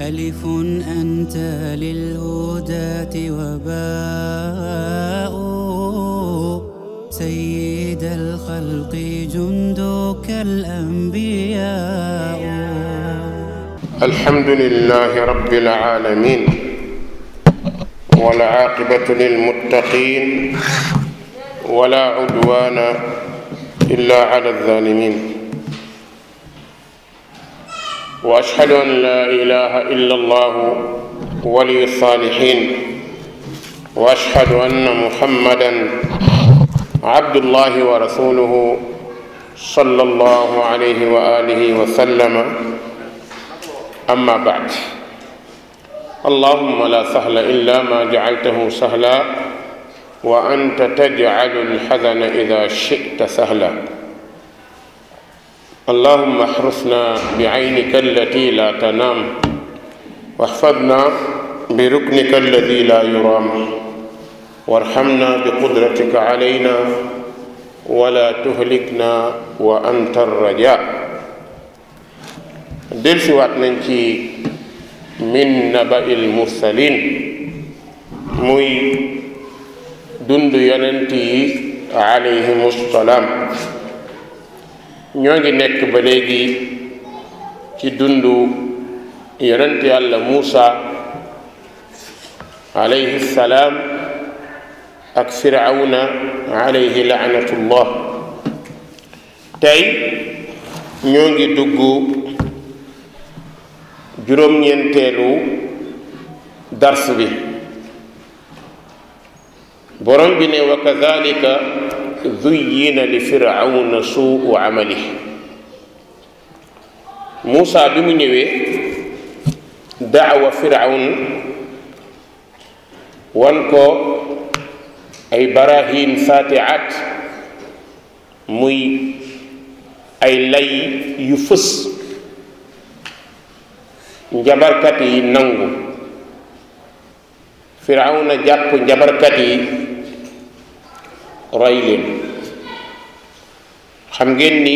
ألف أنت للهداة وباء سيد الخلق جندك الأنبياء الحمد لله رب العالمين والعاقبة للمتقين ولا عدوان إلا على الظالمين واشهد ان لا اله الا الله ولي الصالحين واشهد ان محمدا عبد الله ورسوله صلى الله عليه واله وسلم اما بعد اللهم لا سهل الا ما جعلته سهلا وانت تجعل الحزن اذا شئت سهلا اللهم احرسنا بعينك التي لا تنام واحفظنا بركنك الذي لا يرام وارحمنا بقدرتك علينا ولا تهلكنا وأنت الرجاء delsi waat nañ ci min naba'il mursalin muy dund yonent yi alayhimu salaam ñoo ngi nekk ba léegi ci dundu yonent yàlla Muusa alayhi salaam ak firawna alayhi laanatullah tey ñoo ngi dugg juróom-ñeenteelu dars bi borom bi ne wa kadalika zuyyina li firawna suu amali Muusa bi mu ñëwee daawa firawn wan ko ay barahin fatihat muy ay lay yu fus njabarkat yi nangu firawna jàpp njabarkat yi roy leen xam ngeen ni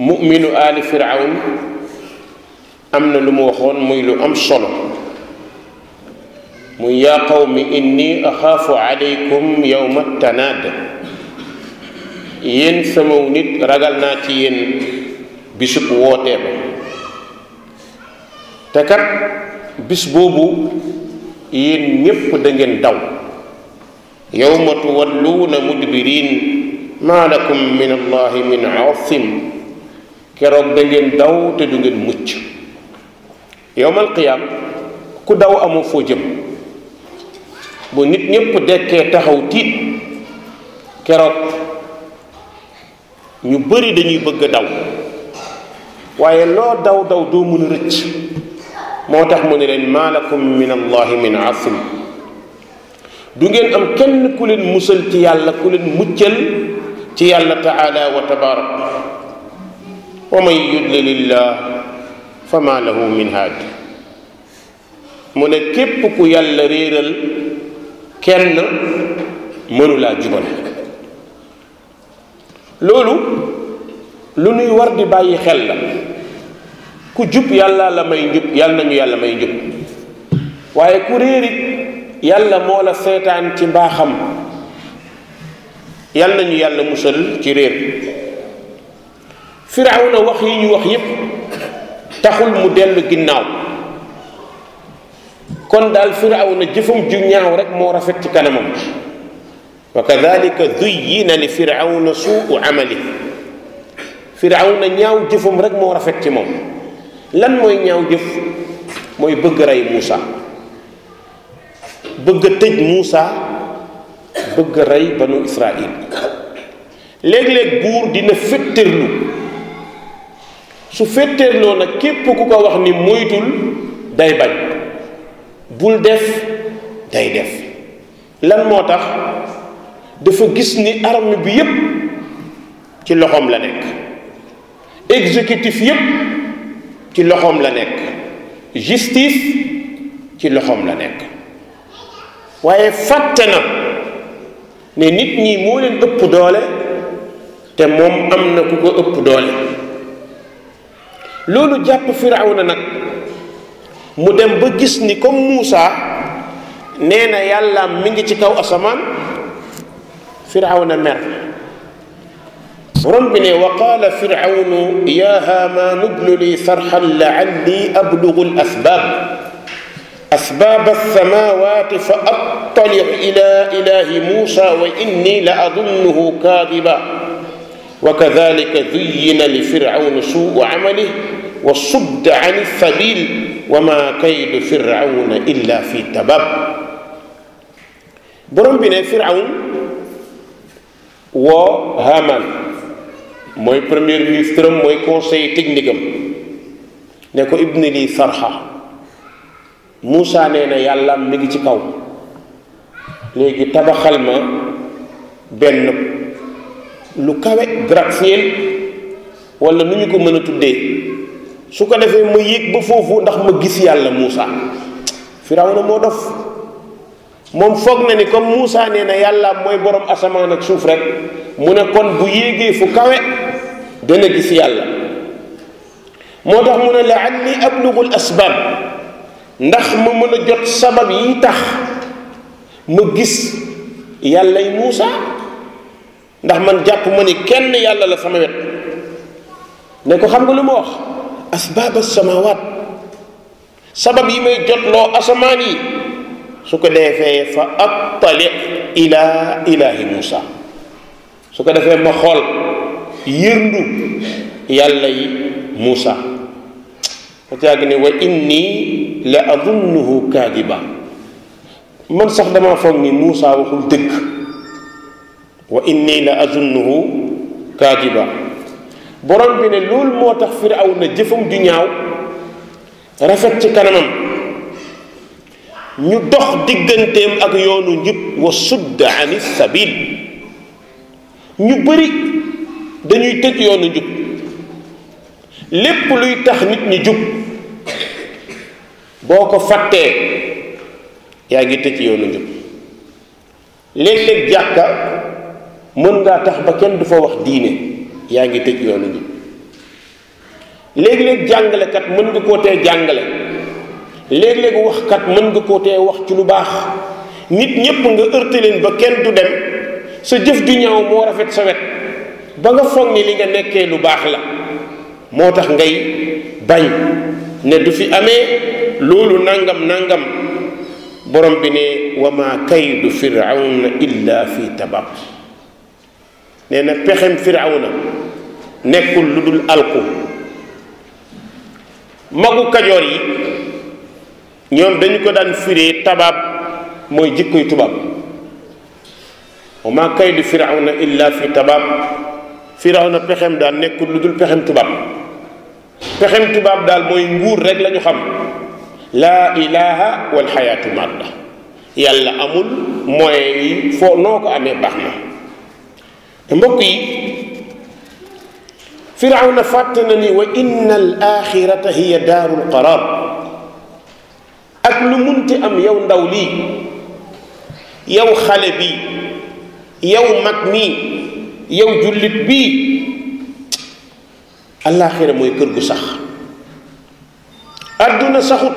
mu'minu aali firawn am na lu mu waxoon muy lu am solo muy yaa qawmi inni axaafu alaykum yowma tanaad yéen samaw nit ragal naa ci yéen bisub wootee ba bis boobu yéen ñépp da ngeen daw yowma tuwalluuna mudbirin maa lakum min allahi min asim keroog da daw te du ngeen mucc yowmal qiyaam ku daw amoo foo jëm bu nit ñépp dekkee taxaw tiit keroog ñu bari dañuy bëgg daw waaye loo daw daw doo mën a rëcc moo tax mu ne leen maa lakum min allahi min asim du ngeen am kenn ku leen musal ci yàlla ku leen muccal ci yàlla taala wa tabarak wa man yudlilillah fama lahu min haad mu ne képp ku yàlla réeral kenn mënulaa jubal loolu lu nuy war di bàyyi xel la ku jub yàlla la may njub yàlla nañu yàlla may njub waaye ku réerit yàlla moo la seetaan ci mbaaxam yàlla nañu yàlla musal ci réer firawna wax yi ñu wax yépp taxul mu dellu ginnaaw kon daal firawna jëfam ju ñaaw rek moo rafet ci kanamam wa kadalika zuyyina li firawna suu amali firawna ñaaw jëfam rek moo rafet ci moom lan mooy ñaaw jëf mooy bëgg rey Muusa bëgg tëj Muusa bëgg a rey banu Israil léeg-léeg buur dina féttéerlu su féttéerloo nag képp ku ko wax ni moytul day bañ bul def day def lan moo tax dafa gis ni armée bi yépp ci loxoom la nekk exécutif yépp ci loxoom la nekk justice ci loxoom la nekk waaye fàtte na ne nit ñi moo leen ëpp doole te moom am na ku ëpp doole loolu jàpp firawna nag mu dem ba gis ni comme Muusa nee na yàlla mi ngi ci kaw asamaan firawna mer borom bi ne wa qaala firawnu ya haamaanu bnu li sarxan laalli ablugu al asbaab asbaab alsamawati fa attaliu ila ilahi muusa wa inni la adunnuhu kaadiba wa kadalika zuyina li firawna suu amalih wa sudda an ilsabil wa ma kaydu firawna illa fi tabab borom bi ne firawn woo Haaman mooy premier ministre am mooy conseil technique am ne ko ibni li sarxa Moussa nee na yàlla mi ngi ci kaw léegi tabaxal ma benn lu kawe gratte walla wala nu ñu ko mën a tuddee su ko defee ma yéeg ba foofu ndax ma gis yàlla Moussa Firawna moo def moom foog na ni comme Moussa nee na yàlla mooy borom asamaan ak suuf rek mu ne kon bu yéegee fu kawe dana gis yàlla moo tax mu ne la anni ablugul asbab ndax ma mën a jot sabab yi tax ma gis yàllay Muusa ndax man jàpp ma ni kenn yàlla la sama wet ne ko xam nga lu ma wax asbaab as-samaawaat sabab yi may jot loo asamaan yi su ko defee fa attali ilaa ilaahi Muusa su ko defee ma xool yërndu yàlla yi Muusa ba ci yàgg ne wa inni la adunnuhu kaadiba man sax damaa foog ni Moussa waxul dëgg wa inni la adunnuhu kaadiba borom bi ne loolu moo tax aw na jëfam ju ñaaw rafet ci kanamam ñu dox digganteem ak yoonu njub wa sudd ani sabil ñu bëri dañuy tëj yoonu njub lépp luy tax nit ñi jub boo ko fàttee yaa ngi tëj yoonu njub léeg-léeg jàkka mën ngaa tax ba kenn du fa wax diine yaa ngi tëj yoonu njub léeg-léeg jàngalekat mën nga koo tee jàngale léeg-léeg waxkat mën nga koo tee wax ci lu baax nit ñépp nga heurté leen ba kenn du dem sa jëf ju ñaaw moo rafet sa wet ba nga foog ni li nga nekkee lu baax la moo tax ngay bañ ne du fi amee loolu nangam nangam borom bi ne wa ma kaydu firawna illa fi tabab nee na pexem firawna nekkul lu dul alku magu kajoor yi ñoom dañu ko daan firee tabaab mooy jikkoy tubaab wa ma kaydu firawna illa fi tabab firawna pexem daan nekkul lu dul pexem tubaab pexem tubaab daal mooy nguur rek la ñu xam laa ilaha wal xayaatu madda yàlla amul moyen yi foo noo amee baax na mbokk yi firawna fàtte na ni wa inna al axirata hiya daarul qaraar ak lu munti am yow ndaw lii yow xale bi yow mag yow jullit bii allaaxira mooy kër gu sax àdduna saxut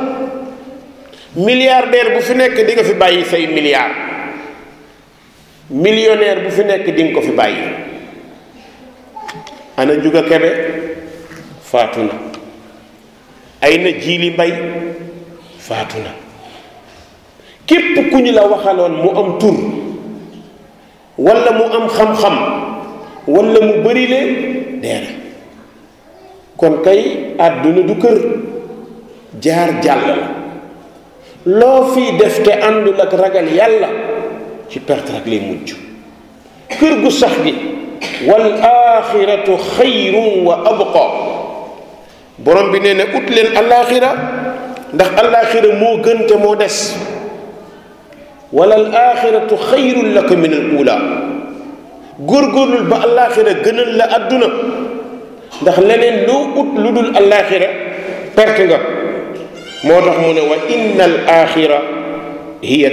milliardaire bu fi nekk dinga fi bàyyi say milliard millionnaire bu fi nekk di ko fi bàyyi ana juga kebe faatu na ay na jiili mbay faatu na képp ku ñu la waxaloon mu am tur walla mu am xam-xam walla mu bërile deera kon kay àdduna du kër jaar jàll la loo fii def te àndul ak ragal yàlla ci perte rek lay mujj kër gu sax gi wal axiratu xayrun wa abqa borom bi nee na ut leen alaxira ndax alaxira moo gën te moo des wala al axiratu xayrun laka min al ula góorgóorlul ba alaxira gënal la àdduna ndax leneen loo ut lu dul alaaxira perte nga moo tax mu ne wa inna al axira hiya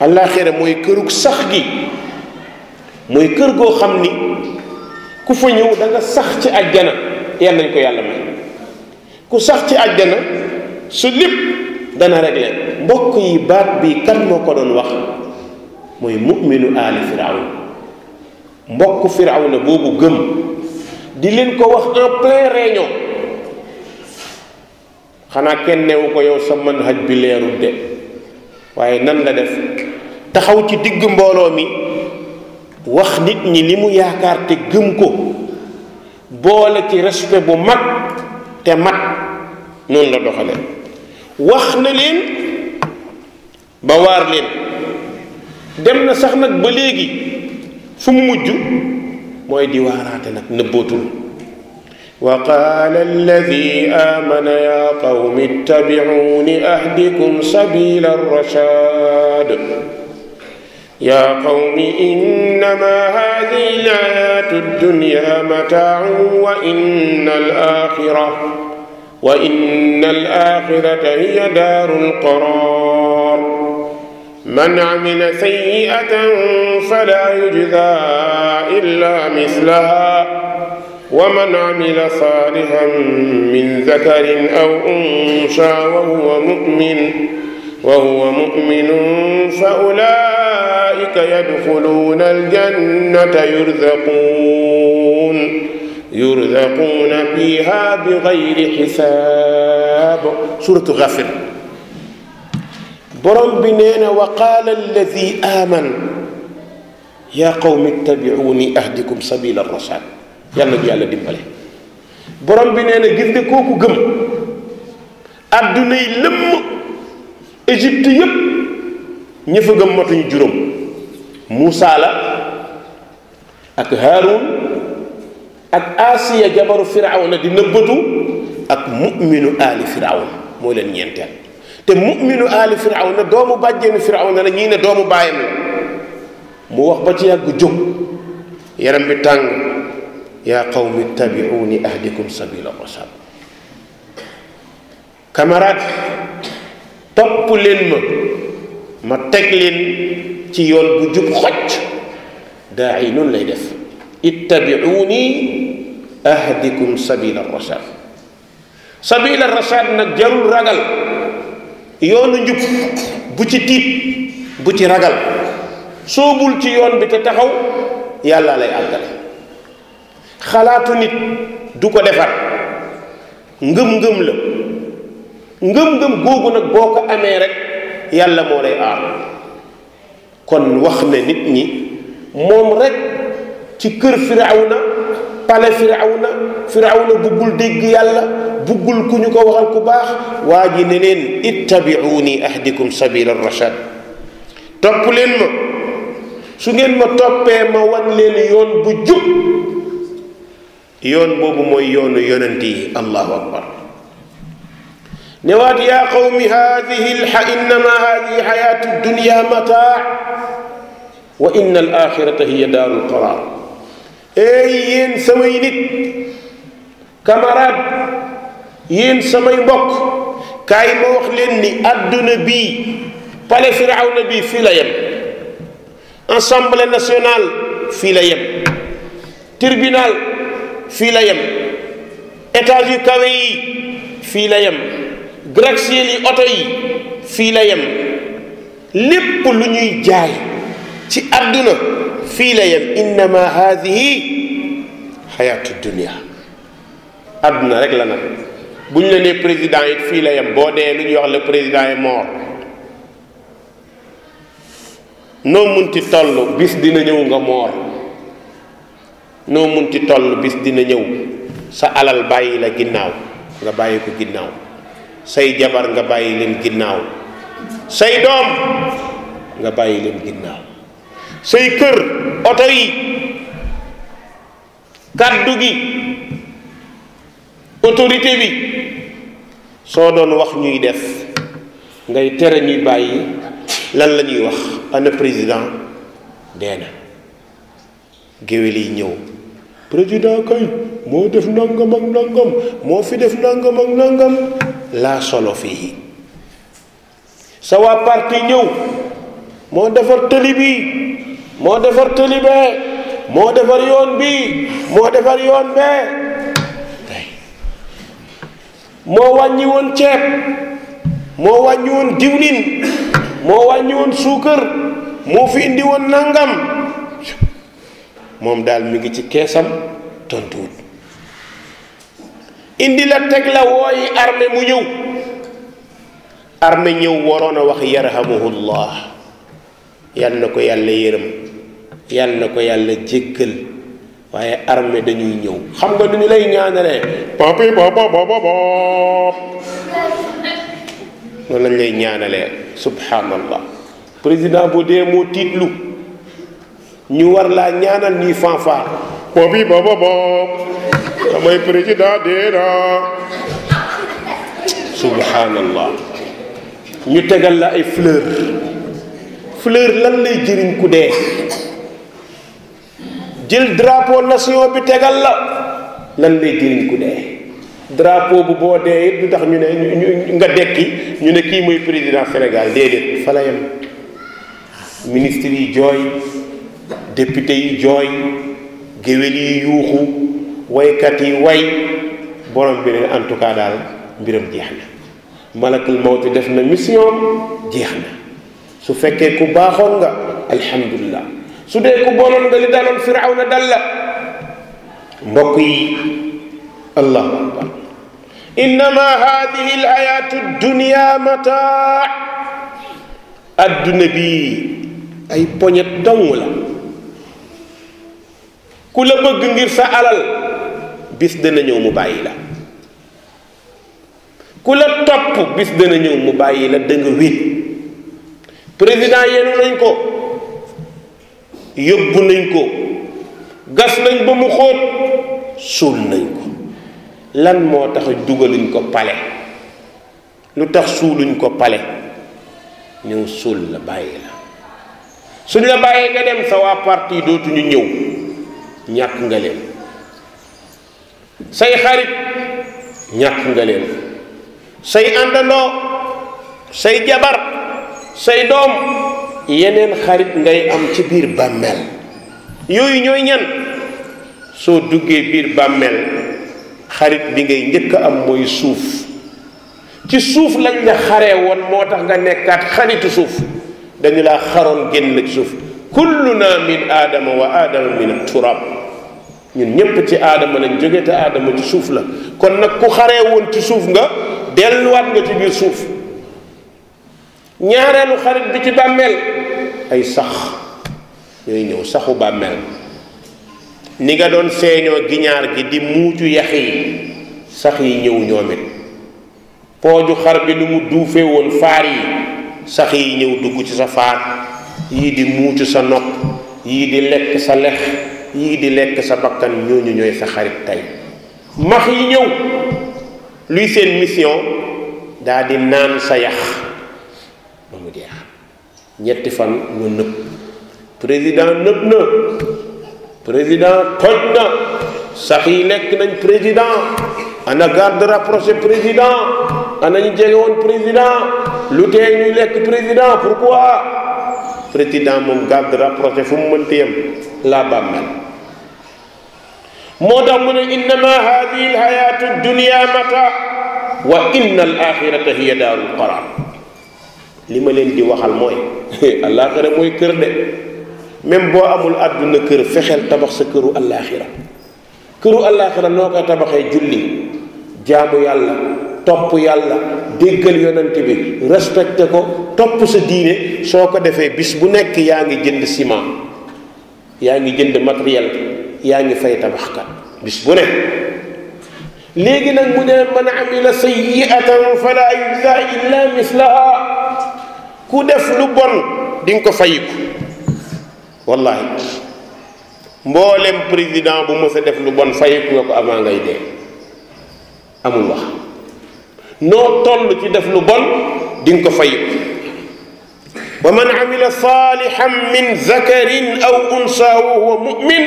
alaaxira mooy kërug sax gi mooy kër goo xam ni ku fa ñëw danga sax ci àjjana yal nañ ko yàlla may ku sax ci àjjana su lépp dana réglé mbokk yi baat bi kan moo ko doon wax mooy mu'minu aali firawn mbokk firawna boobu gëm di leen ko wax en plein réunion xanaa kenn newu ko yow sa manhaj bi leerul de waaye nan la def taxaw ci digg mbooloo mi wax nit ñi li mu yaakaar te gëm ko boole ci respect bu mag te mat noonu la doxale wax na leen ba waar leen dem na sax nag ba léegi fu mu mujj mooy di waaraate nag nëbbootul wa qaala alladi aamana ya qawmi ittabicuuni ahdikum sabila arrashaad يا قوم إنما هذه الحياة الدنيا متاع وإن الآخرة وإن الآخرة هي دار القرار من عمل سيئة فلا يجزى إلا مثلها ومن عمل صالحا من ذكر أو أنثى وهو مؤمن وهو مؤمن فأولئك يدخلون الجنة يرزقون يرزقون فيها بغير حساب سورة غفر borom bi nee na wa qaala alladi aaman yaa qawmi ittabiuuni ahdikum sabila rasad yàlla ñu yàlla dimbale borom bi nee na gis nga kooku gëm adduna yi lëmm Égypte yépp ña fa gëm matuñu juróom Muusaa la ak Haaruun ak Asiya jabaru firawna di nëbbatu ak mu'minu aali firawna moo leen te mu'minu aali firawna doomu bàjjeenu firawna la ñii ne doomu baayam la mu wax ba ci yàgg jóg yaram bi tàng yaa qawmi ittabi'uuni ahdikum sabila rasad camarade topp leen ma ma teg leen ci yoon bu jub xocc daa yi noonu lay def ittabi'uuni ahdikum sabila rasad sabila rasad nag jarul ragal yoonu njub bu ci tiit bu ci ragal soobul ci yoon bi te taxaw yàlla lay àggale xalaatu nit du ko defar ngëm-ngëm la ngëm-ngëm googu nag boo ko amee rek yàlla moo lay aar kon wax ne nit ñi moom rek ci kër firawna pale firawna firawna buggul dégg yàlla buggul ku ñu ko waxal ku baax waa ji ne leen ittabiuni ahdikum sabila rachad topp leen ma su ngeen ma toppee ma wan leen yoon bu jub yoon boobu mooy yoonu yonent yi allahu akbar newaat yaa qawmi hadihi innama hadihi xayaatu dunya mataa wa inna al axirata hiya daaru lqaraar eey yéen samay nit camarade yéen samay mbokk kaay ma wax leen ni àdduna bii palais firawna bii fii la yem assemblée nationale fii la yem tribunal fii la yem étage yu kawe yi fii la yem gratte-ciel yi la yem lépp lu ñuy jaay ci àdduna fii la yem innama haadihi xayaatu dunia àdduna rek la nag bu ñu la nee président it fii la yam boo dee lu ñuy wax le président est mort noo munti toll bis dina ñëw nga moor noo munti toll bis dina ñëw sa alal bàyyi la ginnaaw nga bàyyi ko ginnaaw say jabar nga bàyyi leen ginnaaw say doom nga bàyyi leen ginnaaw say kër oto yi kàddu gi autorité bi soo doon wax ñuy def ngay tere ñuy bàyyi lan la ñuy wax ana président dee na géwél yi ñëw président kay moo def nangam ak nangam moo fi def nangam ak nangam laa solo fii sa parti ñëw moo defar tëli bi moo defar tëli bee moo defar yoon bi moo defar yoon bee moo wàññiwoon woon ceeb moo wàññiwoon woon diwlin moo wàññiwoon suukar moo fi indi woon nangam moom daal mi ngi ci keesam tontuwul indi la teg la wooyi armée mu ñëw armée ñëw waroon a wax yarhamuhullah yal na ko yàlla yërëm yal na ko yàlla jéggal waaye armée dañuy ñëw xam nga nu ñu lay ñaanalee papi baba baba noonu lañ lay ñaanalee subhanallah président bu dee moo tiitlu ñu war laa ñaanal ñuy fanfar papi baba boob damay président deena subhanallah ñu tegal la ay fleur fleur lan lay jëriñ ku dee jël drapeau nation bi tegal la lan lay jëriñ ku dee drapeau bu boo dee it du tax ñu ne nga dekki ñu ne kii mooy président Sénégal déedéet fa la ministre yi jooy député yi jooy géwél yi yuuxu waykat yi way borom bi ne en tout cas daal mbiram jeex na malakul mawti def na mission jeex na su fekkee ku baaxoon nga alhamdulilah su dee ku bonoon nga li daloon firawna dal la mbokk yi allahu akbar innama hadihi al hayatu mataa adduna bi ay poñet dong la ku la bëgg ngir sa alal bis dana ñëw mu bàyyi la ku la topp bis dana ñëw mu bàyyi la da nga président yenu nañ ko yóbbu nañ ko gas nañ ba mu xóot suul nañ ko lan moo tax dugaluñ ko pale lu tax suuluñ ko pale ñëw suul la bàyyi la suñ la bàyyee nga dem sa waa parti dootuñu ñëw ñàkk nga leen say xarit ñàkk nga leen say àndandoo say jabar say doom yeneen xarit ngay am ci biir bàmmeel yooyu ñooy ñan soo duggee biir bàmmeel xarit bi ngay njëkk am mooy suuf ci suuf lañ la xaree woon moo tax nga nekkaat xaritu suuf dañu laa xaroon génn ci suuf kulluna min aadama wa aadama min turab ñun ñépp ci aadama lañ jóge aadama ci suuf la kon nag ku xaree woon ci suuf nga delluwaat nga ci biir suuf ñaareelu xarit bi ci bàmmeel ay sax ñooy ñëw saxu bàmmeel ni nga doon seeñoo giñaar gi di muucu yax yi sax yi ñëw ñoom pooju xar bi lu mu duufee woon faar yi sax yi ñëw dugg ci sa faar yii di muucu sa nopp yii di lekk sa lex yii di lekk sa bakkan ñooñu ñooy sa xarit tey max yi ñëw luy seen mission daldi di naan sa yax ñetti fan ñu nëpp président nëpp président toj na lekk nañ président ana garde rapproché président ana nañu jege woon président lu tee ñuy lekk président pourquoi président moom garde rapproché fu mu mënti yem laa bàmmeel moo tax mu ne innama hadihi alhayatu dunia mata wa inna al axirata hiya daarul qaraar li ma leen di waxal mooy allaaxira mooy kër de même boo amul àdduna kër fexeel tabax sa këru allaaxira këru allaaxira noo koy tabaxee julli jaamu yàlla topp yàlla déggal yonent bi respecté ko topp sa diine soo ko defee bis bu nekk yaa ngi jënd ciment yaa ngi jënd matériel yaa ngi fay tabaxkat bis bu ne léegi nag mu ne man amila sayyi'atan fala yujza illa mislaha ku def lu bon di nga ko fayiku wallahi mboolem président bu mës a def lu bon fayiku nga ko avant ngay dee amul noo toll ci def lu bon di nga ko fayiku wa man amila salihan min zakarin aw unsa wa huwa mumin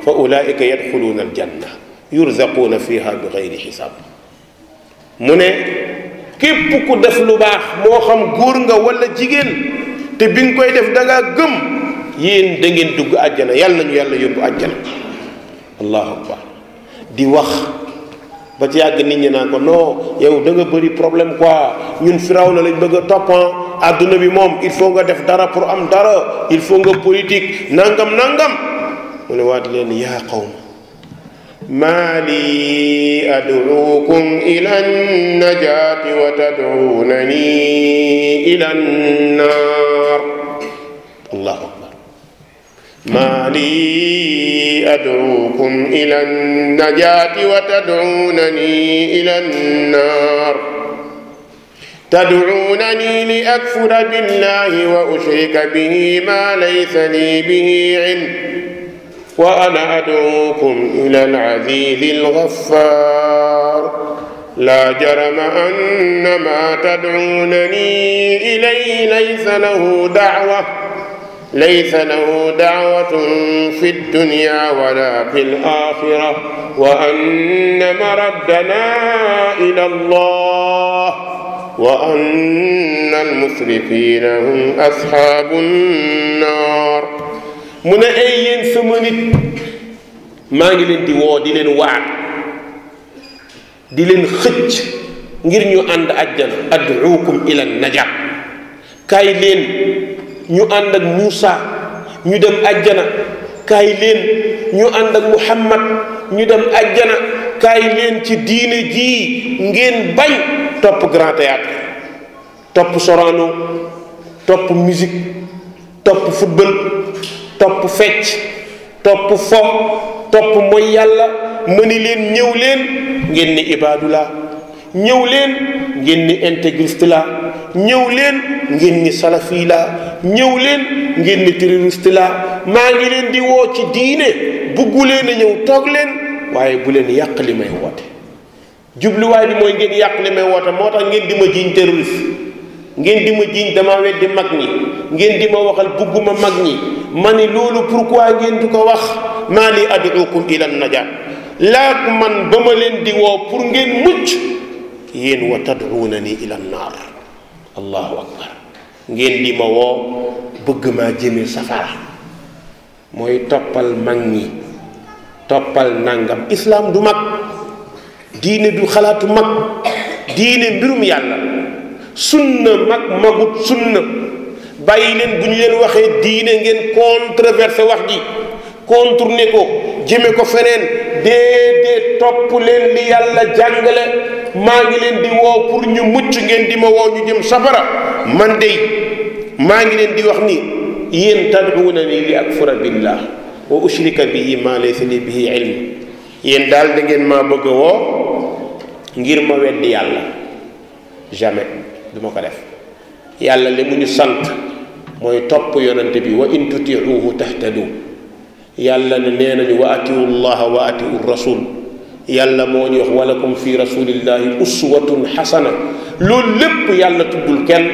fa ulaika yadxuluuna aljanna yurzaquuna fiha bi gayri xisaab mu ne képp ku def lu baax moo xam góor nga walla jigéen te bi nga koy def da gëm yéen da ngeen dugg àjjana yàlla nañu yàlla yóbbu àjjana allahu akbar di wax ba ci yàgg nit ñi naan ko noo yow da nga bëri problème quoi ñun firaw la lañ bëgg a toppan ah. àdduna bi moom il faut nga def dara pour am dara il faut nga politik nangam nangam mu waat leen yaa qawm ما لي أدعوكم إلى النجاة وتدعونني إلى النار الله أكبر ما لي أدعوكم إلى النجاة وتدعونني إلى النار تدعونني لأكفر بالله وأشرك به ما ليس لي به علم وأنا أدعوكم إلى العزيز الغفار لا جرم أن ما تدعونني إليه ليس له دعوة ليس له دعوة في الدنيا ولا في الآخرة وأن مردنا إلى الله وأن المسرفين هم أصحاب النار mu ne ay yéen sama nit maa ngi leen di woo di leen waar di leen xëcc ngir ñu ànd àjjana ad'uukum ila najat kay leen ñu ànd ak Muusa ñu dem àjjana kay leen ñu ànd ak Muhammad ñu dem àjjana kaay leen ci diine jii ngeen bañ topp grand théâtre topp Sorano topp musique topp football topp fecc topp fo topp mooy yàlla mëni leen ñëw leen ngeen ni ibaadu laa ñëw leen ngeen ni intégriste laa ñëw leen ngeen ni salafi ñëw leen ngeen ni terroriste maa ngi leen di woo ci diine buggu leen na ñëw toog leen waaye bu leen yàq li may woote jubluwaay bi mooy ngeen yàq li may woote moo tax ngeen di ma jiiñ terroriste ngeen di ma jiiñ dama weddi mag ñi ngeen di ma waxal bugguma mag ñi ma ni loolu pourquoi ngeen di ko wax maa li aduukum ila najaat laak man ba ma leen di woo pour ngeen mucc yéen wa tad'uuna ni ila naar allahu akbar ngeen di ma woo bëgg maa jëme safara mooy toppal mag ñi toppal nangam islaam du mag diine du xalaatu mag diine mbirum yàlla sunna mag magut sunna bàyyi leen bu ñu leen waxee diine ngeen controversé wax ji contourné ko jëme ko feneen déedéet topp leen li yàlla jàngale maa ngi leen di woo pour ñu mucc ngeen di ma woo ñu jëm safara man dey maa ngi leen di wax ni yéen tad'uuna nii li akfura billah wa ushrika bihi maa laysa li bihi ilm yéen daal da ngeen maa bëgg a woo ngir ma weddi yàlla jamais du ma ko def yàlla li mu ñu sant mooy topp yonent bi wa in tutiuhu tahtadu yàlla ne nee nañu wa atiu llaha wa atiu rasul yàlla moo ñu wax walakum fi rasulillahi uswatun xasana loolu lépp yàlla tuddul kenn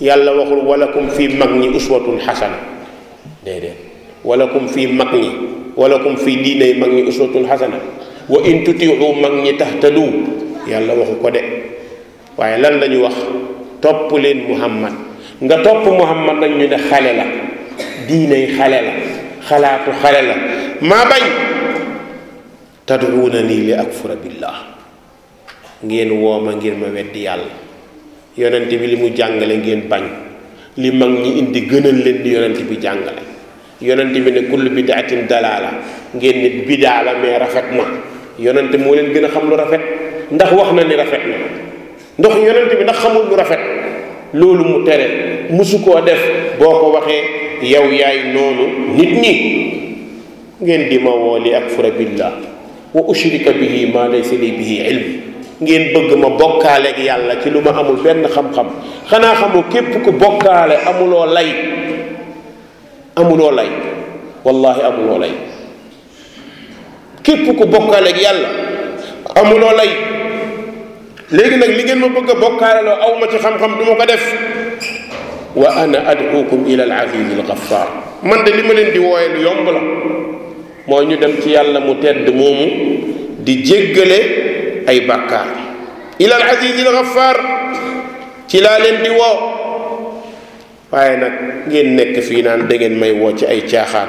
yàlla waxul walakum fi mag ñi uswatun xasana déedéet walakum fi mag ñi walakum fi diinay mag ñi uswatun xasana wa in tutiihu mag ñi tahtadu yàlla waxu ko de waaye lan lañu wax topp leen muhammad nga topp Muhammad nag ñu ne xale la diinay xale la xalaatu xale la maa bañ tadduuna nii li akfura billah ngeen wooma ngir ma weddi yàlla yonent bi li mu jàngale ngeen bañ li mag ñi indi gënal leen di yonent bi jàngale yonent bi ne kullu bidaatin dalaala ngeen nit bidaa la mais rafet na yonent moo leen gën a xam lu rafet ndax wax na ni rafet na ndox yonent bi ndax xamul lu rafet loolu mu tere musu koo def boo ko waxee yow yaay noonu nit ñi ngeen di ma woo li akfura billah wa ushrika bihi ma laysa li bihi ilm ngeen bëgg ma bokkaale yàlla ci lu ma amul benn xam-xam xanaa xamu képp ku bokkaale amuloo lay amuloo lay wallahi amuloo lay képp ku bokkaale yàlla amuloo lay léegi nag li ngeen ma bëgg a bokkaaleloo aw ma ci xam-xam du ma ko def wa ana ad'ukum ila al aziz al man de li ma leen di wooye lu yomb la mooy ñu dem ci yàlla mu tedd moomu di jéggale ay bàkkaar ila al aziz ci laa leen di woo waaye nag ngeen nekk fii naan dangeen may woo ci ay caaxaan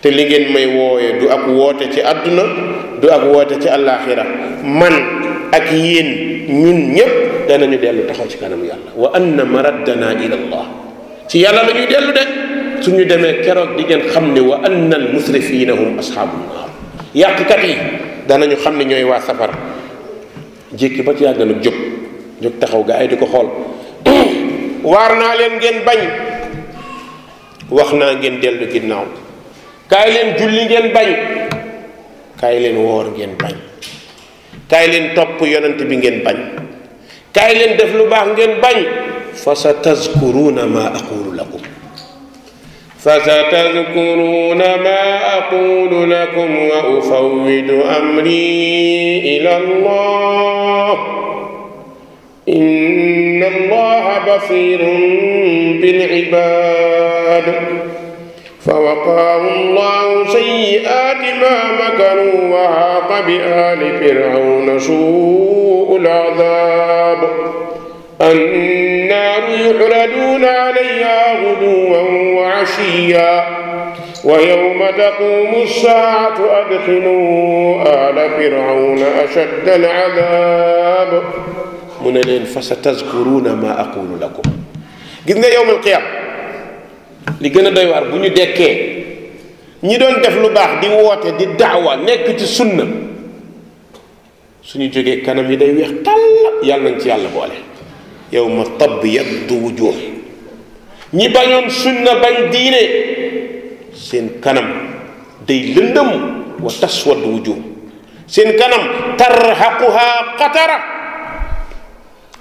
te li ngeen may wooye du ak woote ci àdduna du ak woote ci àllaaxira man ak yéen ñun ñépp danañu dellu taxaw ci kanam yàlla wa anna maraddana ila allah ci yàlla lañuy ñuy dellu de suñu demee keroog di ngeen xam ne wa anna al musrifina hum asxaabu nnaar yàqkat yi danañu xam ne ñooy waa safar jékki ba ci yàgg nag jóg jóg taxaw gaa yi di ko xool waar naa leen ngeen bañ wax naa ngeen dellu ginnaaw kaay leen julli ngeen bañ kaay leen woor ngeen bañ kaay leen topp yonent bi ngeen bañ kaay leen def lu baax ngeen bañ fa sa tazkuruuna ma aqulu lakum fa sa tazkuruuna ma aqulu lakum wa ufawwidu amri ila allah inna allaha basirun bil ibad فوقاه الله سيئات ما مكروا وحاق بآل فرعون سوء العذاب النار يعرضون عليها غدوا وعشيا ويوم تقوم الساعة أدخلوا آل فرعون أشد العذاب من فستذكرون ما أقول لكم قلنا يوم القيامة li gën a doy waar bu ñu dekkee ñi doon def lu baax di woote di daawa nekk ci sunna suñu jógee kanam yi day weex tàll yàlla nañ ci yàlla boole yow ma tabb yaddu wujuh ñi bañoon sunna bañ diine seen kanam day lëndëm wa taswaddu wujuh seen kanam tarhaquha qatara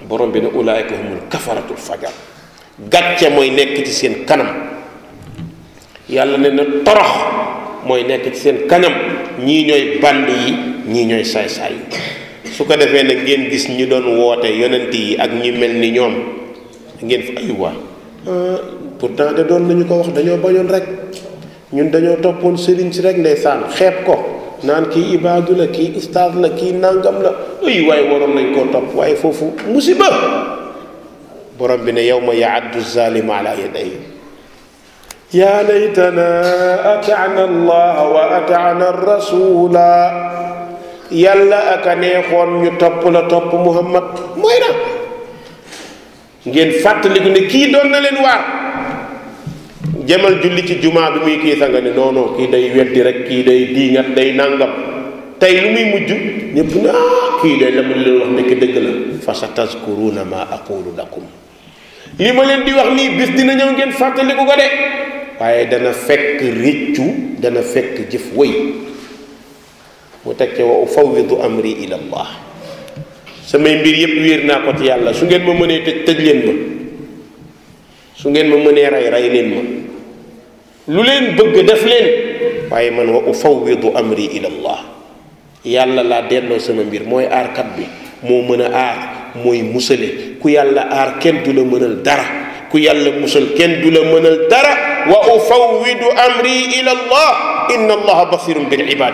borom bi ne ulaayka humul kafaratul fajar gàcce mooy nekk ci seen kanam yàlla ne na torox mooy nekk ci seen kanam ñii ñooy band yi ñii ñooy saay-saay yi su ko defee nag ngeen gis ñu doon woote yonent yi ak ñi mel ni ñoom ngeen fa pour euh, pourtant de doon nañu ko wax dañoo bañoon rek ñun dañoo toppoon sëriñ si rek ndeysaan xeeb ko naan kii ibaadu la kii ustaas la kii nàngam la ay waaye waroon nañ koo topp waaye foofu musiba borom bi ne yow ma yaaddu zalimu ala yadayhi yaa laytana ataana allaha wa ataana aka neexoon ñu topp la topp muhammad mooy na ngeen fàttaliku ne kii doon na leen waar jëmal julli ci jumaa bi kii sa nga ne kii day weddi kii day diingat day nàngam tey lu muy mujj ñëpp na ah, kii day la mu leen wax nekk dëgg la fa sa tazkuruna ma lakum li ma leen bi wax nii bis dina ñëw ngeen fàttaliku ko de waaye dana fekk réccu dana fekk jëf wëy mu teg ca wa ufawidu amri ila allah samay mbir yépp wéer naa ko ci yàlla su ngeen ma mënee tëj tëj leen ma su ngeen ma mënee rey rey leen ma lu leen bëgg def leen waaye man wa ufawidu amri ila allah yàlla laa delloo sama mbir mooy aarkat bi moo mën a aar mooy musale ku yàlla aar kenn du la mënal dara ku yàlla musal kenn du la mënal dara wa ufawwidu amri ila allah inna allaha basirun bil ibad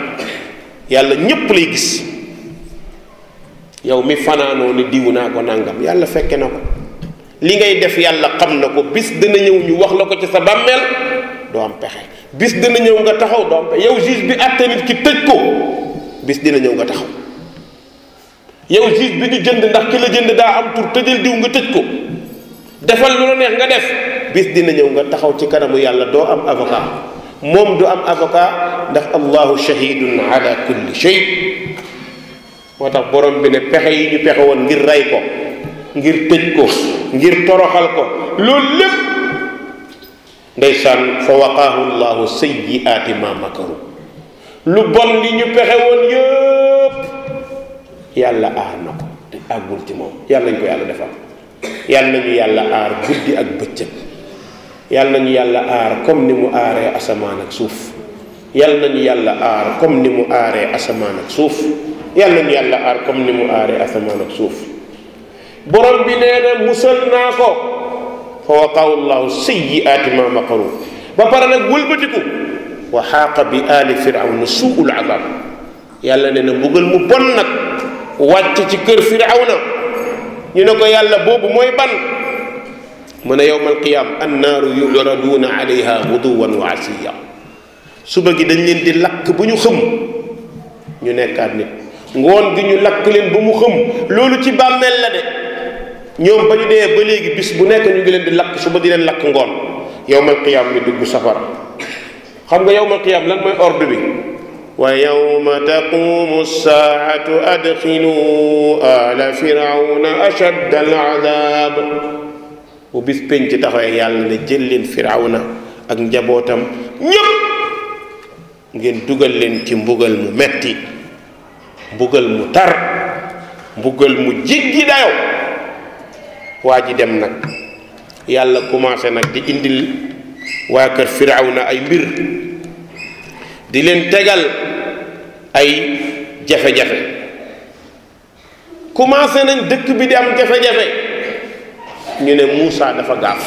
yàlla ñépp lay gis yow mi fanaanoo diw naa ko yàlla fekke na ko li ngay def yàlla xam na ko bis dina ñëw ñu wax la ko ci sa bàmmeel doo pexe bis dina ñëw nga taxaw doom pexe yow juge bi àtte ki tëj ko bis dina ñëw nga taxaw yow juge bi di jënd ndax ki la jënd daa am pour tëjal diw nga tëj ko defal lu neex nga def bis dina ñëw nga taxaw ci kanamu yàlla doo am avocat moom du am avocat ndax allahu shahidun ala kulli shay moo tax borom bi ne pexe yi ñu pexe woon ngir rey ko ngir tëj ko ngir toroxal ko loolu lépp ndeysaan fa waqaahu llahu sayyiaati ma makaru lu bon li ñu pexe woon yëpp yàlla aar na ko te àggul ci moom yàlla nañ ko yàlla defal yàlla nañu yàlla aar guddi ak bëccëg yàlla nañu yàlla aar comme ni mu aaree asamaan ak suuf yàlla nañu yàlla aar comme ni mu aaree asamaan suuf yàlla nañu yàlla aar comme ni mu aaree asamaan ak suuf borom bi nee na musal ko fa waqaahu llahu sayyiaati ma maqaru ba pare nag wëlbatiku wa xaaqa bi aali firawna suul azab yàlla nee na mbugal mu bon wàcc ci kër firawna ñu ne ko yàlla boobu mooy ban mu ne yowmal qiyaam annaaru yuraduuna alayha guduwan wa asiya suba gi dañ leen di lakk bu ñu xëm ñu nekkaat nit ngoon gi ñu lakk leen bu mu xëm loolu ci bàmmeel la de ñoom ba ñu dee ba léegi bis bu nekk ñu ngi leen di lakk suba di leen lakk ngoon yowmal qiyaam ñu dugg safara xam nga yowmal qiyaam lan mooy ordre bi ويوم تقوم الساعة أدخلوا آل فرعون أشد العذاب bu bis penc taxawee yàlla ne jël leen Firawna ak njabootam ñëpp ngeen dugal leen ci mbugal mu metti mbugal mu tar mbugal mu jéggi dayo waa ji dem nag yàlla commencé nag di indil waa kër Firawna ay mbir di leen tegal ay jafe-jafe commencé nañ dëkk bi di am jafe-jafe ñu ne Moussa dafa gaaf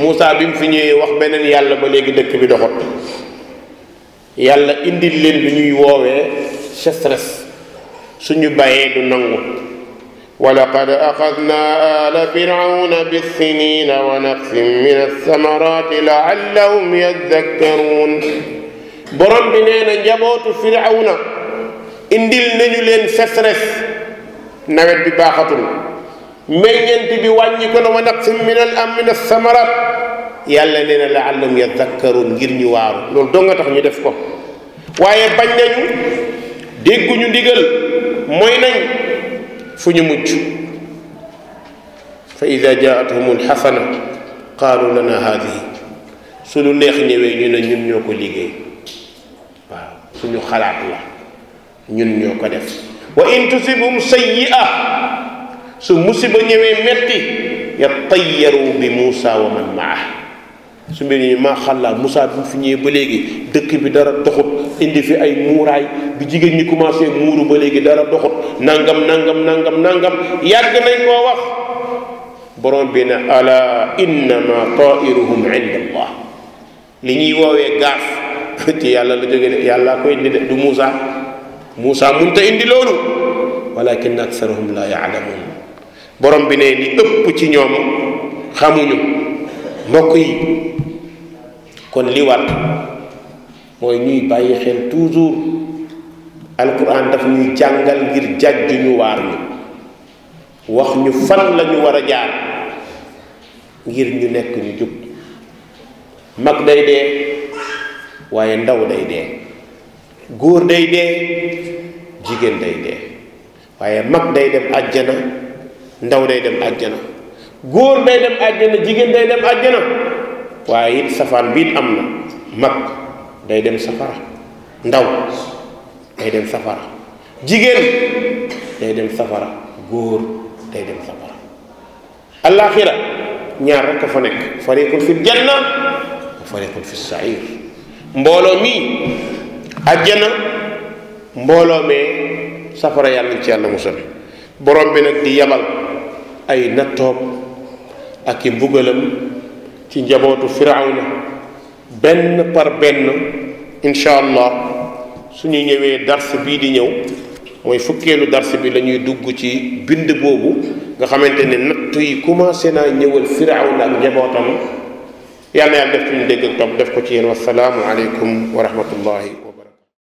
Moussa bi mu fi ñëwee wax beneen yàlla ba léegi dëkk bi doxot yàlla indi leen bi ñuy woowee sécheresse suñu bàyyee du nangu wa laqad axadna ala firawna bissinina wa naqsin min alsamarati laallahum yaddakkaruun borom bi nee na njabootu firawna indil nañu leen sécheresse nawet bi baaxatul meññeent bi wàññi ko na wa naqsim min al am min asamarat yàlla nee na laallahum yadakkaruun ngir ñu waaru loolu doo nga tax def ko waaye bañ nañu dégguñu digal mooy nañ fu ñu mucc fa ida jaatuhum alxasana qaalu lana haadihi su lu neex ñëwee ñu ne ñun ñoo ko liggéey suñu xalaat la ñun ñoo ko def wa in tusibhum sayyi'a su musiba ñëwee metti yattayaru bi Muusa wa man maa su mbir ñu maa xàllaa Muusa bi mu fi ba léegi dëkk bi dara doxut indi fi ay muuraay bi jigéen ñi commencé muuru ba léegi dara doxut nangam nangam nangam nangam yàgg nañ koo wax borom bi ne ala innama tairuhum inda li ñuy woowee gaaf ci yàlla la yàlla ko indi de du Moussa Moussa munta indi loolu walakin bi ne li ëpp ci ñoom xamuñu mbokk yi kon li war mooy ñuy bàyyi xel toujours alquran daf ñuy jàngal ngir jàjju ñu waar ñu wax ñu fan la ñu war a jaar ngir ñu nekk ñu jub mag day dee waaye ndaw day dee góor day dee jigéen day dee waaye mag day dem àjjana ndaw day dem àjjana góor day dem àjjana jigéen day dem àjjana waaye it safaan biit am na mag day dem safara ndaw day dem safara jigéen day dem safara góor day dem safara alaaxira ñaar rekk fa nekk fariqun fi janna wa fi sair mbooloo mii ajjana mbooloo mee safara yàlla nañ ci yàlla musal borom bi nag di yabal ay nattoom ak i mbugalam ci njabootu firawna benn par benn incha allah suñu ñëwee dars bii di ñëw mooy fukkeelu dars bi lañuy dugg ci bind boobu nga xamante ne natt yi commencé naa ñëwal firawna ak njabootam yàlla na yàlla def ci ñu dégg ak topp def ko ci yéen wasalaamu aleykum wa rahmatullahi